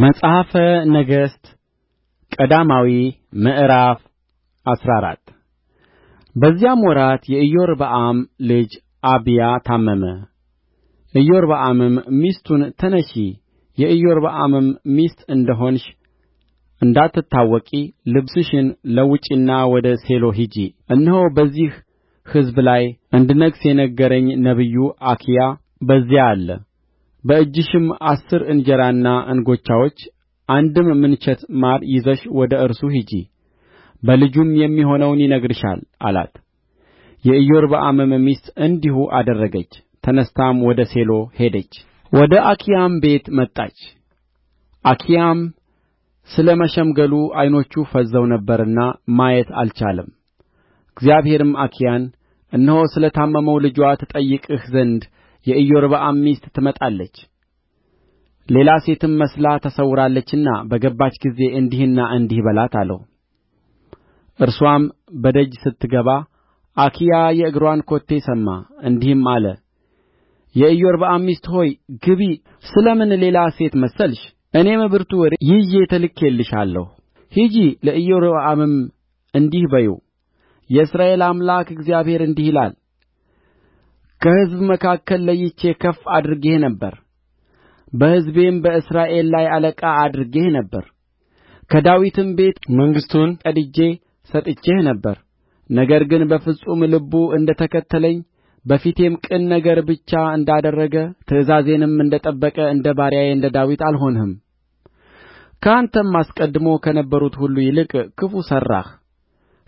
መጽሐፈ ነገሥት ቀዳማዊ ምዕራፍ አስራ አራት በዚያም ወራት የኢዮርብዓም ልጅ አብያ ታመመ። ኢዮርብዓምም ሚስቱን ተነሺ፣ የኢዮርብዓምም ሚስት እንደሆንሽ እንዳትታወቂ ልብስሽን ለውጪና ወደ ሴሎ ሂጂ። እነሆ በዚህ ሕዝብ ላይ እንድነግሥ የነገረኝ ነቢዩ አኪያ በዚያ አለ በእጅሽም አሥር እንጀራና እንጎቻዎች አንድም ምንቸት ማር ይዘሽ ወደ እርሱ ሂጂ በልጁም የሚሆነውን ይነግርሻል አላት የኢዮርብዓምም ሚስት እንዲሁ አደረገች ተነሥታም ወደ ሴሎ ሄደች ወደ አኪያም ቤት መጣች አኪያም ስለ መሸምገሉ ዐይኖቹ ፈዝዘው ነበርና ማየት አልቻለም እግዚአብሔርም አኪያን እነሆ ስለ ታመመው ልጅዋ ትጠይቅህ ዘንድ የኢዮርብዓም ሚስት ትመጣለች ሌላ ሴትም መስላ ተሰውራለችና በገባች ጊዜ እንዲህና እንዲህ በላት አለው እርስዋም በደጅ ስትገባ አኪያ የእግርዋን ኮቴ ሰማ እንዲህም አለ የኢዮርብዓም ሚስት ሆይ ግቢ ስለ ምን ሌላ ሴት መሰልሽ እኔም ብርቱ ወሬ ይዤ ተልኬልሻለሁ ሂጂ ለኢዮርብዓምም እንዲህ በዪው የእስራኤል አምላክ እግዚአብሔር እንዲህ ይላል ከሕዝብ መካከል ለይቼ ከፍ አድርጌህ ነበር በሕዝቤም በእስራኤል ላይ አለቃ አድርጌህ ነበር ከዳዊትም ቤት መንግሥቱን ቀድጄ ሰጥቼህ ነበር ነገር ግን በፍጹም ልቡ እንደ ተከተለኝ በፊቴም ቅን ነገር ብቻ እንዳደረገ ትእዛዜንም እንደ ጠበቀ እንደ ባሪያዬ እንደ ዳዊት አልሆንህም ከአንተም አስቀድሞ ከነበሩት ሁሉ ይልቅ ክፉ ሠራህ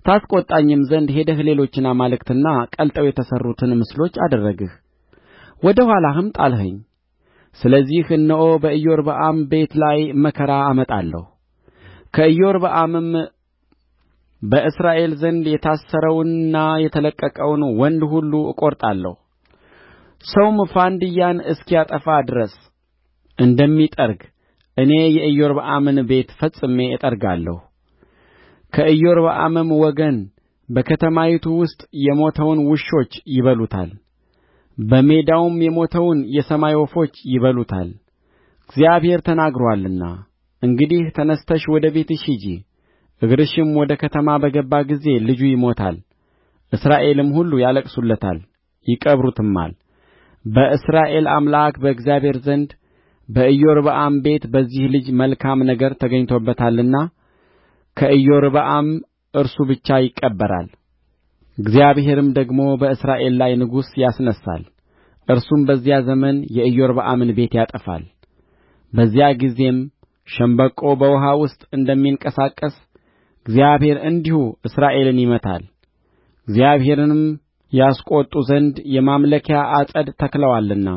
ታስቈጣኝም ዘንድ ሄደህ ሌሎችን አማልክትና ቀልጠው የተሠሩትን ምስሎች አደረግህ ወደ ኋላህም ጣልኸኝ ስለዚህ እነሆ በኢዮርብዓም ቤት ላይ መከራ አመጣለሁ ከኢዮርብዓምም በእስራኤል ዘንድ የታሰረውንና የተለቀቀውን ወንድ ሁሉ እቈርጣለሁ ሰውም ፋንድያን እስኪያጠፋ ድረስ እንደሚጠርግ እኔ የኢዮርብዓምን ቤት ፈጽሜ እጠርጋለሁ ከኢዮርብዓምም ወገን በከተማይቱ ውስጥ የሞተውን ውሾች ይበሉታል፣ በሜዳውም የሞተውን የሰማይ ወፎች ይበሉታል። እግዚአብሔር ተናግሮአልና እንግዲህ ተነሥተሽ ወደ ቤትሽ ሂጂ። እግርሽም ወደ ከተማ በገባ ጊዜ ልጁ ይሞታል፣ እስራኤልም ሁሉ ያለቅሱለታል፣ ይቀብሩትማል። በእስራኤል አምላክ በእግዚአብሔር ዘንድ በኢዮርብዓም ቤት በዚህ ልጅ መልካም ነገር ተገኝቶበታልና ከኢዮርብዓም እርሱ ብቻ ይቀበራል እግዚአብሔርም ደግሞ በእስራኤል ላይ ንጉሥ ያስነሣል እርሱም በዚያ ዘመን የኢዮርብዓምን ቤት ያጠፋል በዚያ ጊዜም ሸምበቆ በውኃ ውስጥ እንደሚንቀሳቀስ እግዚአብሔር እንዲሁ እስራኤልን ይመታል እግዚአብሔርንም ያስቈጡ ዘንድ የማምለኪያ ዐፀድ ተክለዋልና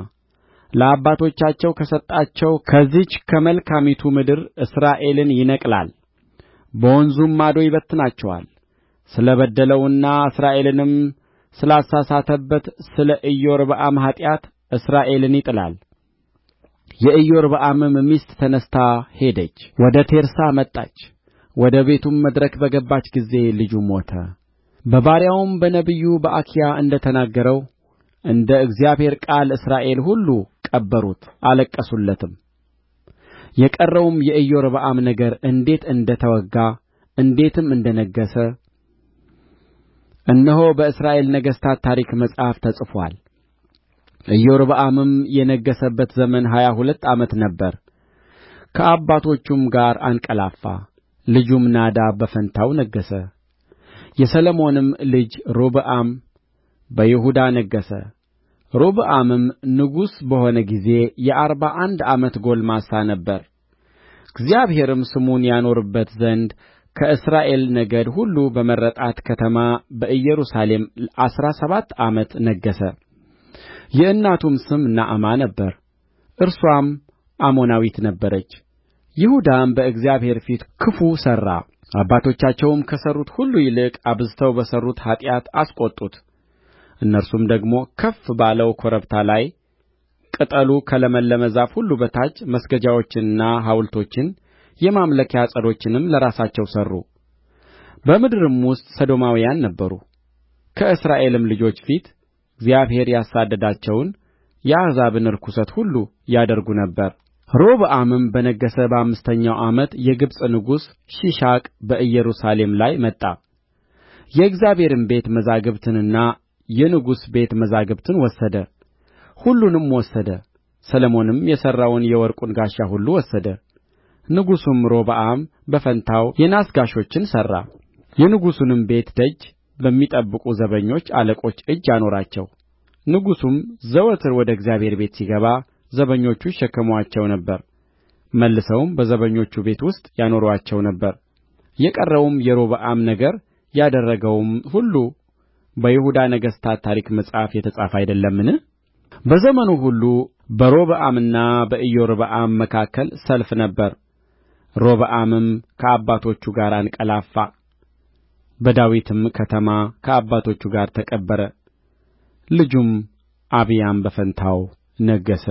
ለአባቶቻቸው ከሰጣቸው ከዚህች ከመልካሚቱ ምድር እስራኤልን ይነቅላል በወንዙም ማዶ ይበትናቸዋል ስለ በደለውና እስራኤልንም ስላሳተበት ስለ ኢዮርብዓም ኃጢአት እስራኤልን ይጥላል የኢዮርብዓምም ሚስት ተነሥታ ሄደች ወደ ቴርሳ መጣች ወደ ቤቱም መድረክ በገባች ጊዜ ልጁ ሞተ በባሪያውም በነቢዩ በአኪያ እንደ ተናገረው እንደ እግዚአብሔር ቃል እስራኤል ሁሉ ቀበሩት አለቀሱለትም የቀረውም የኢዮርብዓም ነገር እንዴት እንደ ተወጋ እንዴትም እንደ ነገሠ እነሆ በእስራኤል ነገሥታት ታሪክ መጽሐፍ ተጽፎአል ኢዮርብዓምም የነገሠበት ዘመን ሀያ ሁለት ዓመት ነበረ ከአባቶቹም ጋር አንቀላፋ ልጁም ናዳብ በፈንታው ነገሠ የሰሎሞንም ልጅ ሮብዓም በይሁዳ ነገሠ ሮብዓምም ንጉሥ በሆነ ጊዜ የአርባ አንድ ዓመት ጕልማሳ ነበረ እግዚአብሔርም ስሙን ያኖርበት ዘንድ ከእስራኤል ነገድ ሁሉ በመረጣት ከተማ በኢየሩሳሌም አሥራ ሰባት ዓመት ነገሠ የእናቱም ስም ናዕማ ነበረ እርስዋም አሞናዊት ነበረች ይሁዳም በእግዚአብሔር ፊት ክፉ ሠራ አባቶቻቸውም ከሠሩት ሁሉ ይልቅ አብዝተው በሠሩት ኃጢአት አስቈጡት እነርሱም ደግሞ ከፍ ባለው ኮረብታ ላይ ቅጠሉ ከለመለመ ዛፍ ሁሉ በታች መስገጃዎችንና ሐውልቶችን የማምለኪያ ዐፀዶችንም ለራሳቸው ሠሩ በምድርም ውስጥ ሰዶማውያን ነበሩ ከእስራኤልም ልጆች ፊት እግዚአብሔር ያሳደዳቸውን የአሕዛብን ርኵሰት ሁሉ ያደርጉ ነበር ሮብዓምም በነገሠ በአምስተኛው ዓመት የግብጽ ንጉሥ ሺሻቅ በኢየሩሳሌም ላይ መጣ የእግዚአብሔርም ቤት መዛግብትንና የንጉሥ ቤት መዛግብትን ወሰደ ሁሉንም ወሰደ ሰሎሞንም የሠራውን የወርቁን ጋሻ ሁሉ ወሰደ ንጉሡም ሮብዓም በፋንታው የናስ ጋሾችን ሠራ የንጉሡንም ቤት ደጅ በሚጠብቁ ዘበኞች አለቆች እጅ አኖራቸው ንጉሡም ዘወትር ወደ እግዚአብሔር ቤት ሲገባ ዘበኞቹ ይሸከሙአቸው ነበር መልሰውም በዘበኞቹ ቤት ውስጥ ያኖሩአቸው ነበር የቀረውም የሮብዓም ነገር ያደረገውም ሁሉ በይሁዳ ነገሥታት ታሪክ መጽሐፍ የተጻፈ አይደለምን በዘመኑ ሁሉ በሮብዓምና በኢዮርብዓም መካከል ሰልፍ ነበረ ሮብዓምም ከአባቶቹ ጋር አንቀላፋ በዳዊትም ከተማ ከአባቶቹ ጋር ተቀበረ ልጁም አብያም በፋንታው ነገሠ